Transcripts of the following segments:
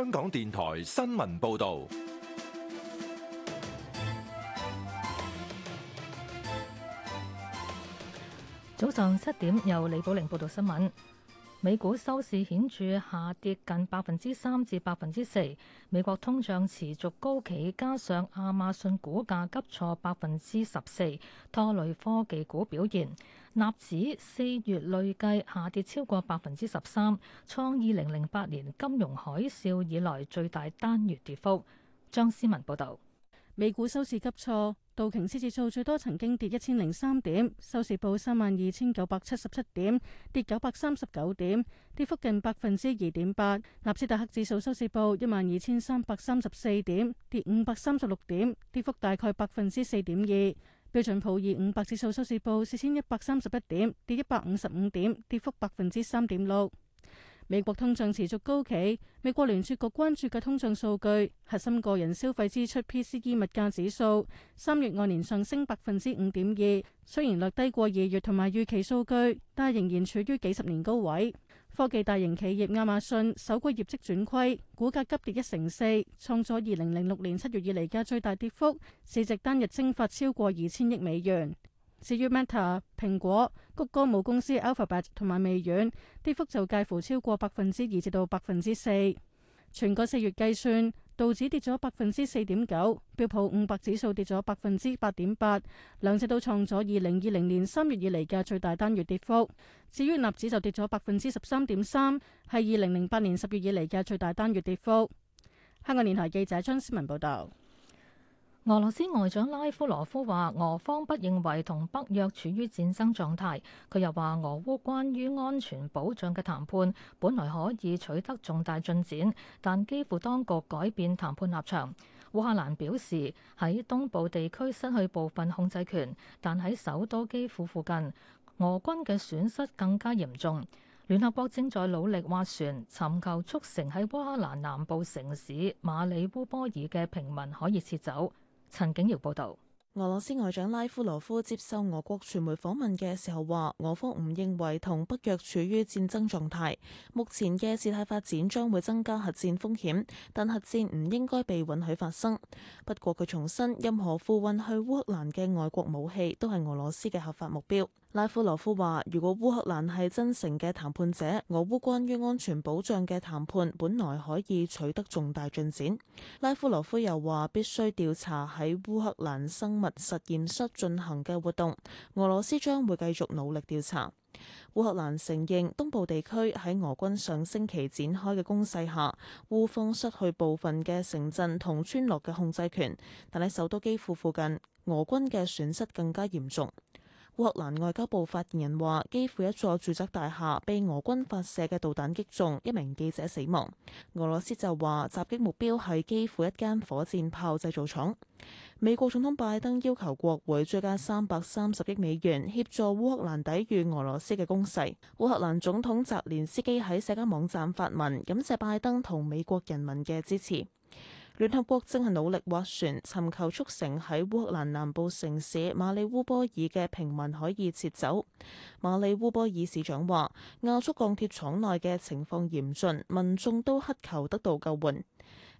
香港電台新聞報道。早上七點，由李寶玲報道新聞。美股收市顯著下跌近百分之三至百分之四，美國通脹持續高企，加上亞馬遜股價急挫百分之十四，拖累科技股表現。納指四月累計下跌超過百分之十三，創二零零八年金融海嘯以來最大單月跌幅。張思文報道。美股收市急挫，道瓊斯指數最多曾經跌一千零三點，收市報三萬二千九百七十七點，跌九百三十九點，跌幅近百分之二點八。納斯達克指數收市報一萬二千三百三十四點，跌五百三十六點，跌幅大概百分之四點二。標準普爾五百指數收市報四千一百三十一點，跌一百五十五點，跌幅百分之三點六。美國通脹持續高企，美國聯儲局關注嘅通脹數據核心個人消費支出 （PCE） 物價指數三月按年上升百分之五點二，雖然略低過二月同埋預期數據，但仍然處於幾十年高位。科技大型企業亞馬遜首季業績轉虧，股價急跌一成四，創咗二零零六年七月以嚟嘅最大跌幅，市值單日蒸發超過二千億美元。至於 Meta、蘋果、谷歌母公司 Alphabet 同埋微軟，跌幅就介乎超過百分之二至到百分之四。全個四月計算，道指跌咗百分之四點九，標普五百指數跌咗百分之八點八，兩者都創咗二零二零年三月以嚟嘅最大單月跌幅。至於納指就跌咗百分之十三點三，係二零零八年十月以嚟嘅最大單月跌幅。香港電台記者張思文報道。俄羅斯外長拉夫羅夫話：俄方不認為同北約處於戰爭狀態。佢又話：俄烏關於安全保障嘅談判本來可以取得重大進展，但基輔當局改變談判立場。烏克蘭表示喺東部地區失去部分控制權，但喺首都基輔附近，俄軍嘅損失更加嚴重。聯合國正在努力斡旋，尋求促成喺烏克蘭南部城市馬里烏波爾嘅平民可以撤走。陳景瑤報道。俄羅斯外長拉夫羅夫接受俄國傳媒訪問嘅時候話，俄方唔認為同北約處於戰爭狀態，目前嘅事態發展將會增加核戰風險，但核戰唔應該被允許發生。不過佢重申，任何付運去烏克蘭嘅外國武器都係俄羅斯嘅合法目標。拉夫羅夫話，如果烏克蘭係真誠嘅談判者，俄烏關於安全保障嘅談判本來可以取得重大進展。拉夫羅夫又話，必須調查喺烏克蘭生物。實驗室進行嘅活動，俄羅斯將會繼續努力調查。烏克蘭承認東部地區喺俄軍上星期展開嘅攻勢下，烏方失去部分嘅城鎮同村落嘅控制權，但喺首都基輔附近，俄軍嘅損失更加嚴重。烏克蘭外交部發言人話，基輔一座住宅大廈被俄軍發射嘅導彈擊中，一名記者死亡。俄羅斯就話襲擊目標係基輔一間火箭炮製造廠。美國總統拜登要求國會追加三百三十億美元協助烏克蘭抵禦俄羅斯嘅攻勢。烏克蘭總統澤連斯基喺社交網站發文感謝拜登同美國人民嘅支持。聯合國正係努力划船，尋求促成喺烏克蘭南部城市馬里烏波爾嘅平民可以撤走。馬里烏波爾市長話：亞速鋼鐵廠內嘅情況嚴峻，民眾都乞求得到救援。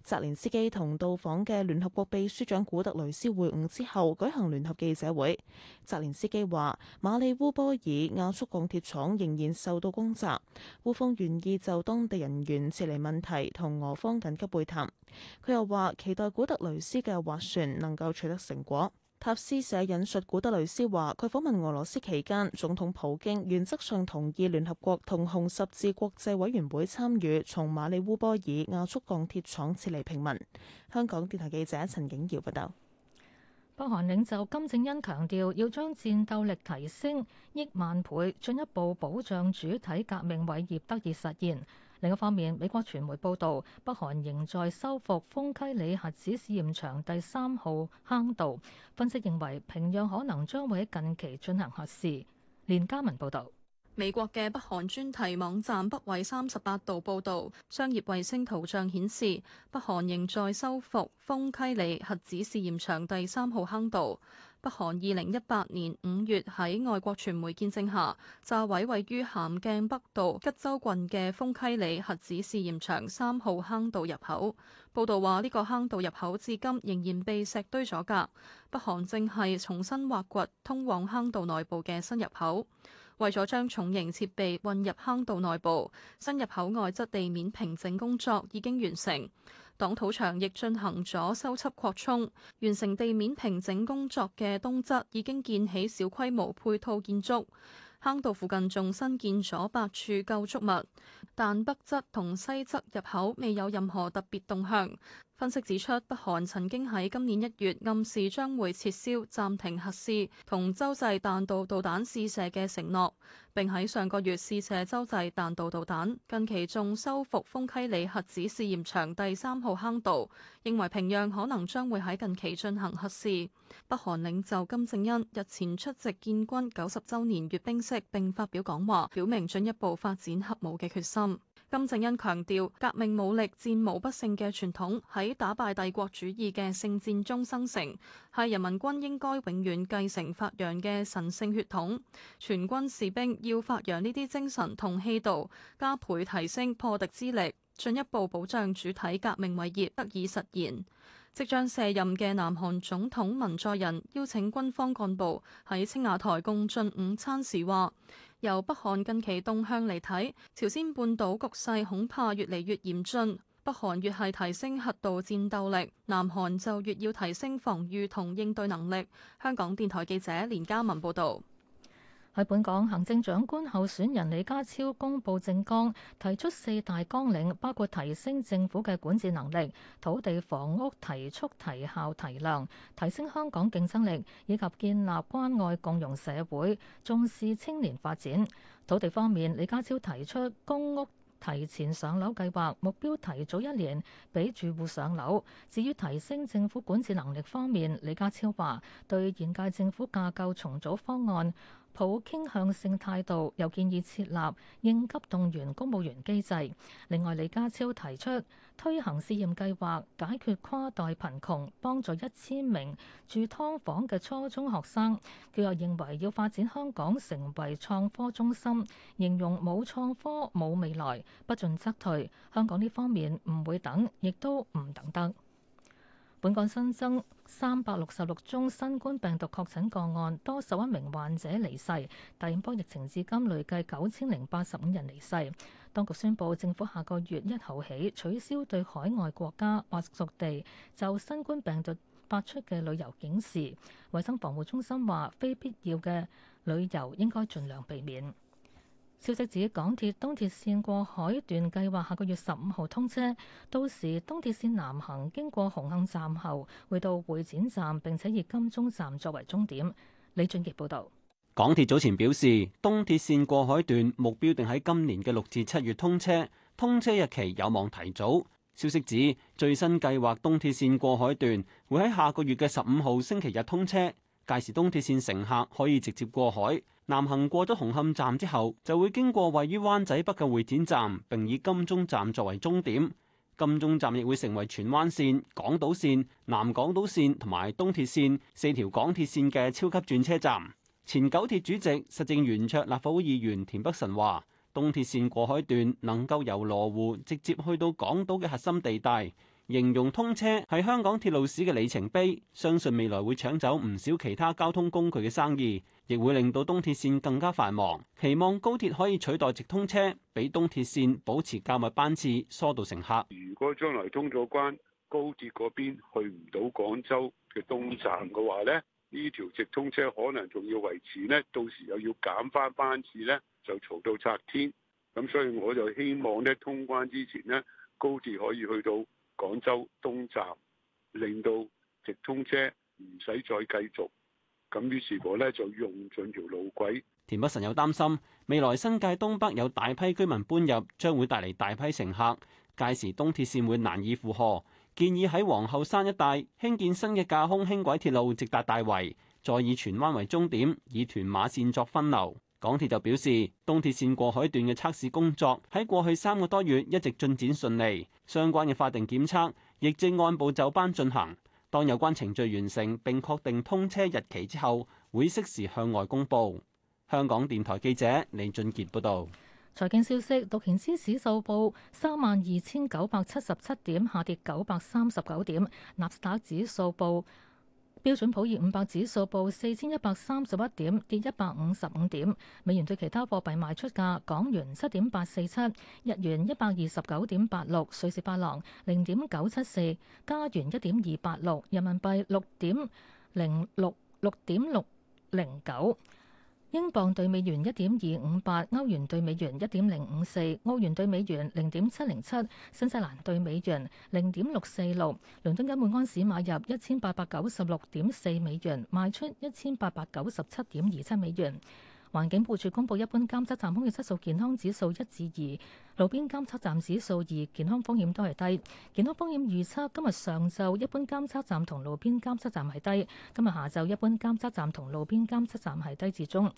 澤連斯基同到訪嘅聯合國秘書長古特雷斯會晤之後，舉行聯合記者會。澤連斯基話：馬里烏波爾亞速鋼鐵廠仍然受到攻襲，烏方願意就當地人員撤離問題同俄方緊急會談。佢又話：期待古特雷斯嘅斡旋能夠取得成果。塔斯社引述古德雷斯話，佢訪問俄羅斯期間，總統普京原則上同意聯合國同紅十字國際委員會參與從馬里烏波爾亞速鋼鐵廠撤離平民。香港電台記者陳景堯報道。北韓領袖金正恩強調要將戰鬥力提升億萬倍，進一步保障主體革命偉業得以實現。另一方面，美國傳媒報導，北韓仍在修復豐溪里核子試驗場第三號坑道，分析認為平壤可能將會喺近期進行核試。連家文報導，美國嘅北韓專題網站《北緯三十八度》報導，商業衛星圖像顯示北韓仍在修復豐溪里核子試驗場第三號坑道。北韓二零一八年五月喺外國傳媒見證下，炸毀位於咸鏡北道吉州郡嘅豐溪里核子試驗場三號坑道入口。報道話，呢個坑道入口至今仍然被石堆阻隔。北韓正係重新挖掘通往坑道內部嘅新入口，為咗將重型設備運入坑道內部，新入口外側地面平整工作已經完成。黨土場亦進行咗修葺擴充，完成地面平整工作嘅東側已經建起小規模配套建築，坑道附近仲新建咗八處構築物，但北側同西側入口未有任何特別動向。分析指出，北韓曾經喺今年一月暗示將會撤銷暫停核試同洲際彈道導彈試射嘅承諾，並喺上個月試射洲際彈道導彈。近期仲修復豐溪里核子試驗場第三號坑道，認為平壤可能將會喺近期進行核試。北韓領袖金正恩日前出席建軍九十周年閱兵式並發表講話，表明進一步發展核武嘅決心。金正恩強調，革命武力戰無不勝嘅傳統喺打敗帝國主義嘅聖戰中生成，係人民軍應該永遠繼承發揚嘅神聖血統。全軍士兵要發揚呢啲精神同氣度，加倍提升破敵之力，進一步保障主體革命偉業得以實現。即將卸任嘅南韓總統文在寅邀請軍方幹部喺青瓦台共進午餐時話。由北韓近期動向嚟睇，朝鮮半島局勢恐怕越嚟越嚴峻。北韓越係提升核導戰鬥力，南韓就越要提升防禦同應對能力。香港電台記者連嘉文報導。喺本港行政長官候選人李家超公布政綱，提出四大綱領，包括提升政府嘅管治能力、土地房屋提速提效提量、提升香港競爭力以及建立關愛共融社會，重視青年發展。土地方面，李家超提出公屋提前上樓計劃，目標提早一年俾住戶上樓。至於提升政府管治能力方面，李家超話對現屆政府架構重組方案，抱傾向性態度，又建議設立應急動員公務員機制。另外，李家超提出推行試驗計劃，解決跨代貧窮，幫助一千名住劏房嘅初中學生。佢又認為要發展香港成為創科中心，形容冇創科冇未來，不進則退。香港呢方面唔會等，亦都唔等得。本港新增三百六十六宗新冠病毒確診個案，多十一名患者離世。第五波疫情至今累計九千零八十五人離世。當局宣布，政府下個月一號起取消對海外國家或屬地就新冠病毒發出嘅旅遊警示。衛生防護中心話，非必要嘅旅遊應該盡量避免。消息指港鐵東鐵綫過海段計劃下個月十五號通車，到時東鐵綫南行經過紅磡站後，會到會展站，並且以金鐘站作為終點。李俊杰報道。港鐵早前表示，東鐵綫過海段目標定喺今年嘅六至七月通車，通車日期有望提早。消息指最新計劃，東鐵綫過海段會喺下個月嘅十五號星期日通車，屆時東鐵綫乘客可以直接過海。南行過咗紅磡站之後，就會經過位於灣仔北嘅會展站，並以金鐘站作為終點。金鐘站亦會成為荃灣線、港島線、南港島線同埋東鐵線四條港鐵線嘅超級轉車站。前九鐵主席、實政圓桌立法會議員田北辰話：東鐵線過海段能夠由羅湖直接去到港島嘅核心地帶。形容通車係香港鐵路史嘅里程碑，相信未來會搶走唔少其他交通工具嘅生意，亦會令到東鐵線更加繁忙。期望高鐵可以取代直通車，俾東鐵線保持較密班次，疏導乘客。如果將來通咗關，高鐵嗰邊去唔到廣州嘅東站嘅話咧，呢條直通車可能仲要維持咧，到時又要減翻班次咧，就嘈到拆天。咁所以我就希望呢，通關之前咧，高鐵可以去到。廣州東站令到直通車唔使再繼續，咁於是我咧就用盡條路軌。田北辰又擔心未來新界東北有大批居民搬入，將會帶嚟大批乘客，屆時東鐵線會難以負荷。建議喺皇后山一帶興建新嘅架空輕軌鐵路，直達大圍，再以荃灣為終點，以屯馬線作分流。港鐵就表示，東鐵線過海段嘅測試工作喺過去三個多月一直進展順利，相關嘅法定檢測亦正按部就班進行。當有關程序完成並確定通車日期之後，會適時向外公佈。香港電台記者李俊傑報道 財經消息，道瓊斯指數報三萬二千九百七十七點，下跌九百三十九點；納斯達指數報。 標準普爾五百指數報四千一百三十一點，跌一百五十五點。美元對其他貨幣賣出價：港元七點八四七，日元一百二十九點八六，瑞士法郎零點九七四，加元一點二八六，人民幣六點零六六點六零九。英鎊兌美元一點二五八，歐元兌美元一點零五四，歐元兌美元零點七零七，新西蘭兌美元零點六四六。倫敦金每安士買入一千八百九十六點四美元，賣出一千八百九十七點二七美元。環境部署公布一般監測站空氣質素健康指數一至二，2, 路邊監測站指數二，健康風險都係低。健康風險預測今日上晝一般監測站同路邊監測站係低，今日下晝一般監測站同路邊監測站係低至中。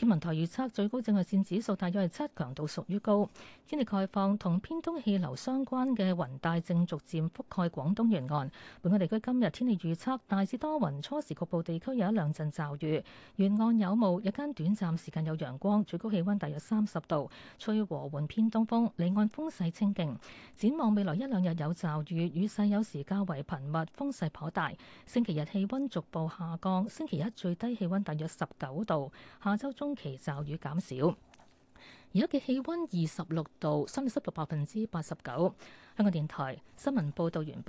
天文台預測最高紫外線指數大約係七，強度屬於高。天氣概況，同偏東氣流相關嘅雲帶正逐漸覆蓋廣東沿岸。本港地區今日天氣預測大致多雲，初時局部地區有一兩陣驟雨，沿岸有霧，日間短暫時間有陽光，最高氣温大約三十度，吹和緩偏東風，離岸風勢清勁。展望未來一兩日有驟雨，雨勢有時較為頻密，風勢頗大。星期日氣温逐步下降，星期一最低氣温大約十九度。下周中。中期驟雨減少，而家嘅氣溫二十六度，相對濕度百分之八十九。香港電台新聞報道完畢。